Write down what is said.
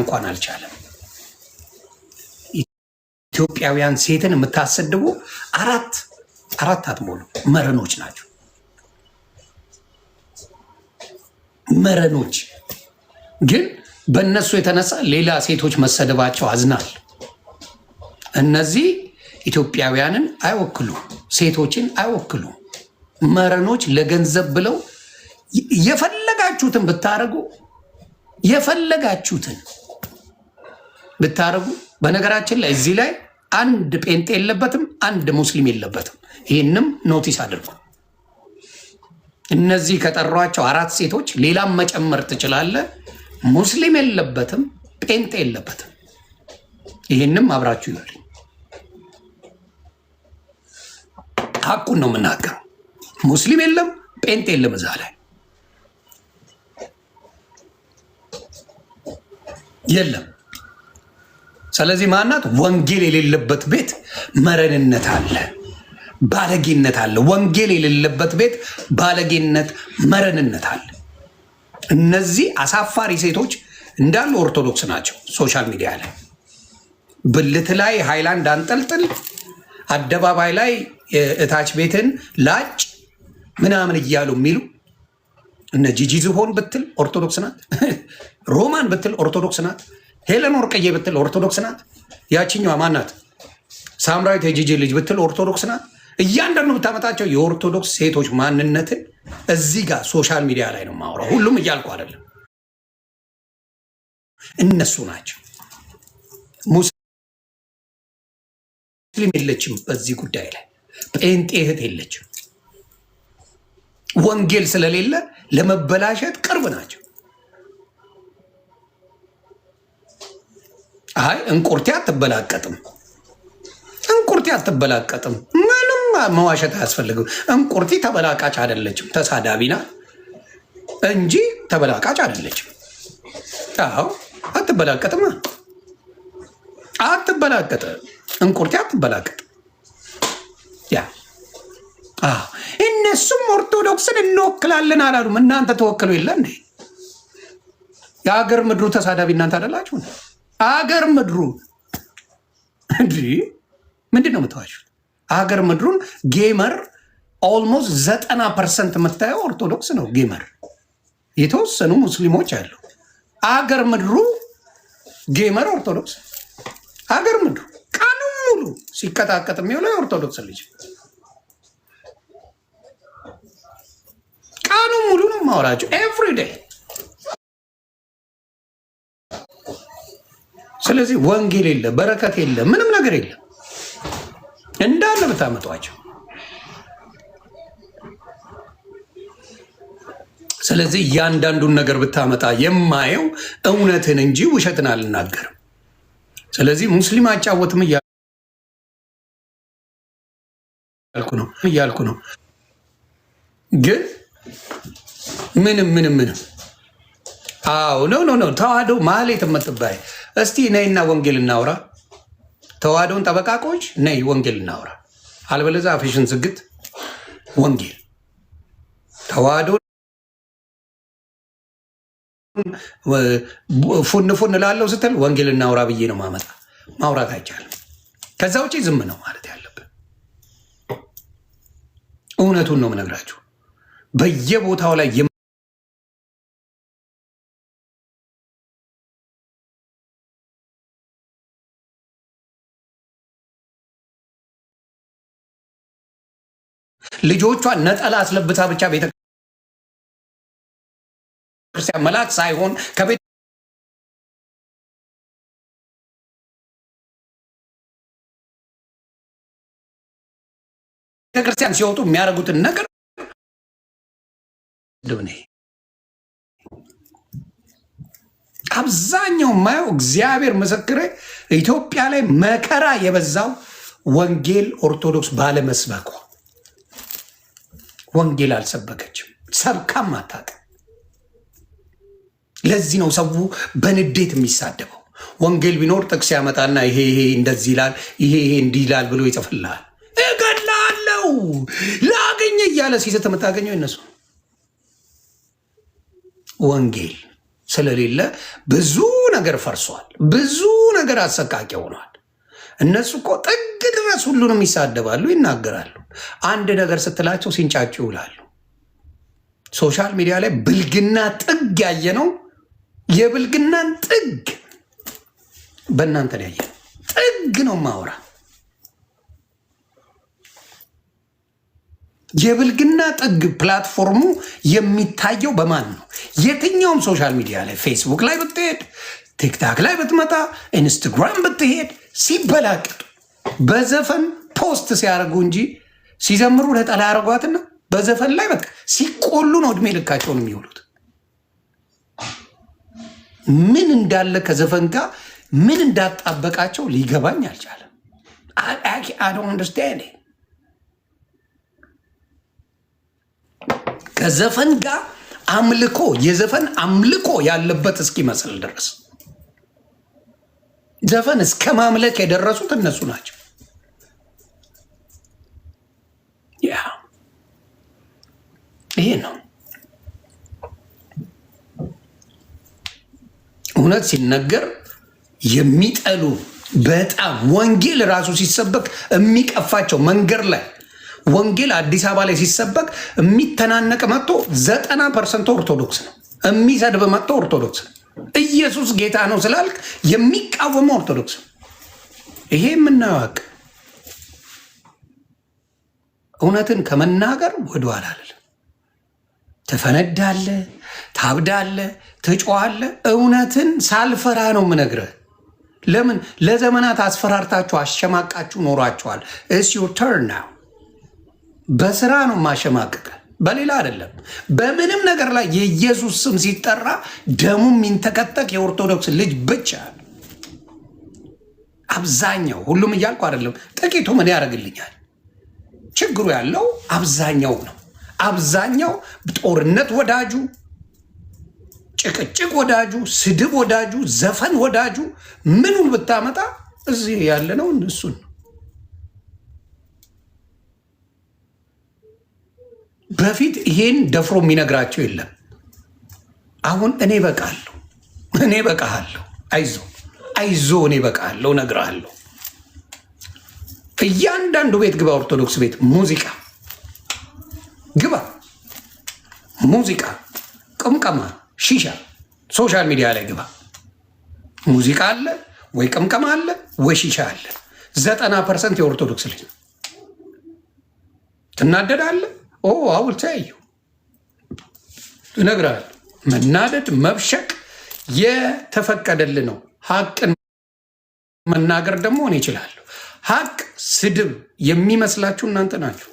እንኳን አልቻለም። ኢትዮጵያውያን ሴትን የምታሰድቡ አራት አራት አትሞሉ መረኖች ናቸው። መረኖች ግን በእነሱ የተነሳ ሌላ ሴቶች መሰደባቸው አዝናል። እነዚህ ኢትዮጵያውያንን አይወክሉ ሴቶችን አይወክሉ መረኖች ለገንዘብ ብለው የፈለጋችሁትን ብታደርጉ የፈለጋችሁትን ብታደርጉ። በነገራችን ላይ እዚህ ላይ አንድ ጴንጤ የለበትም፣ አንድ ሙስሊም የለበትም። ይህንም ኖቲስ አድርጉ። እነዚህ ከጠሯቸው አራት ሴቶች ሌላም መጨመር ትችላለ። ሙስሊም የለበትም፣ ጴንጤ የለበትም። ይህንም አብራችሁ ይሉልኝ። ሀቁን ነው የምናገረው። ሙስሊም የለም፣ ጴንጤ የለም እዛ ላይ የለም። ስለዚህ ማናት ወንጌል የሌለበት ቤት መረንነት አለ፣ ባለጌነት አለ። ወንጌል የሌለበት ቤት ባለጌነት፣ መረንነት አለ። እነዚህ አሳፋሪ ሴቶች እንዳሉ ኦርቶዶክስ ናቸው። ሶሻል ሚዲያ ላይ ብልት ላይ ሃይላንድ አንጠልጥል፣ አደባባይ ላይ እታች ቤትን ላጭ ምናምን እያሉ የሚሉ እነ ጂጂ ዝሆን ብትል ኦርቶዶክስ ናት። ሮማን ብትል ኦርቶዶክስ ናት። ሄለን ወርቅዬ ብትል ኦርቶዶክስ ናት። ያችኛዋ ማናት? ሳምራዊት የጂጂ ልጅ ብትል ኦርቶዶክስ ናት። እያንዳንዱ ብታመጣቸው የኦርቶዶክስ ሴቶች ማንነትን እዚህ ጋር ሶሻል ሚዲያ ላይ ነው የማወራው። ሁሉም እያልኩ አይደለም፣ እነሱ ናቸው። ሙስሊም የለችም በዚህ ጉዳይ ላይ ጴንጤ እህት የለችም። ወንጌል ስለሌለ ለመበላሸት ቅርብ ናቸው። አይ እንቁርቴ አትበላቀጥም፣ እንቁርቴ አትበላቀጥም። ምንም መዋሸት አያስፈልግም። እንቁርቴ ተበላቃጭ አይደለችም። ተሳዳቢና እንጂ ተበላቃጭ አይደለችም። አዎ አትበላቀጥማ፣ አትበላቀጥ። እንቁርቴ አትበላቀጥ። ያ እነሱም ኦርቶዶክስን እንወክላለን አላሉም። እናንተ ተወክሉ የለ የሀገር ምድሩ ተሳዳቢ እናንተ አይደላችሁ? አገር ምድሩን እንዲህ ምንድን ነው የምታዋሹት? አገር ምድሩን ጌመር ኦልሞስት ዘጠና ፐርሰንት የምታየው ኦርቶዶክስ ነው። ጌመር የተወሰኑ ሙስሊሞች አሉ። አገር ምድሩ ጌመር ኦርቶዶክስ አገር ምድሩ ቀኑ ሙሉ ሲቀጣቀጥ የሚውለው የኦርቶዶክስ ልጅ ቀኑ ሙሉ ነው ማወራቸው ኤቭሪ ስለዚህ ወንጌል የለ፣ በረከት የለ፣ ምንም ነገር የለም። እንዳለ ብታመጧቸው። ስለዚህ እያንዳንዱን ነገር ብታመጣ የማየው እውነትን እንጂ ውሸትን አልናገርም። ስለዚህ ሙስሊም አጫወትም እያልኩ ነው እያልኩ ነው ግን ምንም ምንም ምንም አዎ ኖ ኖ ኖ ተዋህዶ ማህሌት የምትባይ እስቲ ነይና ወንጌል እናውራ። ተዋህዶን ጠበቃቆች ነይ ወንጌል እናውራ። አልበለዛ አፍሽን ዝግት። ወንጌል ተዋህዶ ፉን ፉን ላለው ስትል ወንጌል እናውራ ብዬ ነው ማመጣ። ማውራት አይቻልም። ከዛ ውጭ ዝም ነው ማለት ያለብን። እውነቱን ነው የምነግራችሁ በየቦታው ላይ ልጆቿ ነጠላ አስለብሳ ብቻ ቤተ ክርስቲያን መላክ ሳይሆን ከቤተ ክርስቲያን ሲወጡ የሚያደርጉትን ነገር አብዛኛው ማየው እግዚአብሔር ምስክሬ፣ ኢትዮጵያ ላይ መከራ የበዛው ወንጌል ኦርቶዶክስ ባለመስበኳ ወንጌል አልሰበከችም፣ ሰብካም አታውቅም። ለዚህ ነው ሰው በንዴት የሚሳደበው። ወንጌል ቢኖር ጥቅስ ያመጣና ይሄ ይሄ እንደዚህ ይላል፣ ይሄ ይሄ እንዲህ ይላል ብሎ ይጽፍልሃል። እገድልሃለሁ ላገኘ እያለ ሲሰጥ የምታገኘው ይነሱ ወንጌል ስለሌለ ብዙ ነገር ፈርሷል። ብዙ ነገር አሰቃቂ ሆኗል። እነሱ እኮ ጥግ ድረስ ሁሉንም ይሳደባሉ፣ ይናገራሉ። አንድ ነገር ስትላቸው ሲንጫጩ ይውላሉ። ሶሻል ሚዲያ ላይ ብልግና ጥግ ያየ ነው። የብልግናን ጥግ በእናንተ ላይ ያየ ጥግ ነው ማውራ የብልግና ጥግ ፕላትፎርሙ የሚታየው በማን ነው? የትኛውም ሶሻል ሚዲያ ላይ ፌስቡክ ላይ ብትሄድ፣ ቲክታክ ላይ ብትመጣ፣ ኢንስትግራም ብትሄድ ሲበላቅጡ በዘፈን ፖስት ሲያደርጉ እንጂ ሲዘምሩ ነጠላ ያደርጓትና በዘፈን ላይ በቃ ሲቆሉ ነው እድሜ ልካቸውን የሚውሉት። ምን እንዳለ ከዘፈን ጋር ምን እንዳጣበቃቸው ሊገባኝ አልቻለም። አንደርስታንድ ከዘፈን ጋር አምልኮ የዘፈን አምልኮ ያለበት እስኪመስል ድረስ ዘፈን እስከ ማምለክ የደረሱት እነሱ ናቸው። ይሄ ነው እውነት ሲነገር የሚጠሉ በጣም ወንጌል ራሱ ሲሰበክ የሚቀፋቸው መንገድ ላይ ወንጌል አዲስ አበባ ላይ ሲሰበክ የሚተናነቅ መጥቶ ዘጠና ፐርሰንቱ ኦርቶዶክስ ነው። የሚሰድብ መጥቶ ኦርቶዶክስ ነው። ኢየሱስ ጌታ ነው ስላልክ የሚቃወመ ኦርቶዶክስ ይሄ የምናወቅ እውነትን ከመናገር ወደኋላ አለ። ትፈነዳለህ፣ ታብዳለ፣ ትጮኻለህ። እውነትን ሳልፈራ ነው የምነግርህ። ለምን ለዘመናት አስፈራርታችሁ አሸማቃችሁ ኖሯችኋል። እስ ዩር ተርን ናው። በስራ ነው ማሸማቀቀ በሌላ አይደለም። በምንም ነገር ላይ የኢየሱስ ስም ሲጠራ ደሙ የሚንተከተክ የኦርቶዶክስ ልጅ ብቻ አብዛኛው፣ ሁሉም እያልኩ አይደለም፣ ጥቂቱ ምን ያደርግልኛል። ችግሩ ያለው አብዛኛው ነው። አብዛኛው ጦርነት ወዳጁ፣ ጭቅጭቅ ወዳጁ፣ ስድብ ወዳጁ፣ ዘፈን ወዳጁ፣ ምኑን ብታመጣ እዚህ ያለ ነው እሱን በፊት ይሄን ደፍሮ የሚነግራቸው የለም። አሁን እኔ በቃለሁ፣ እኔ በቃለሁ፣ አይዞ አይዞ፣ እኔ በቃለሁ፣ እነግርሃለሁ። እያንዳንዱ ቤት ግባ፣ ኦርቶዶክስ ቤት ሙዚቃ ግባ፣ ሙዚቃ፣ ቅምቀማ፣ ሺሻ፣ ሶሻል ሚዲያ ላይ ግባ፣ ሙዚቃ አለ ወይ ቅምቀማ አለ ወይ ሺሻ አለ። ዘጠና ፐርሰንት የኦርቶዶክስ ልጅ ትናደዳለህ አውል አውልተያዩ እነግርሃለሁ። መናደድ መብሸቅ የተፈቀደል ነው። ሀቅን መናገር ደግሞ እኔ እችላለሁ። ሀቅ ስድብ የሚመስላችሁ እናንተ ናችሁ።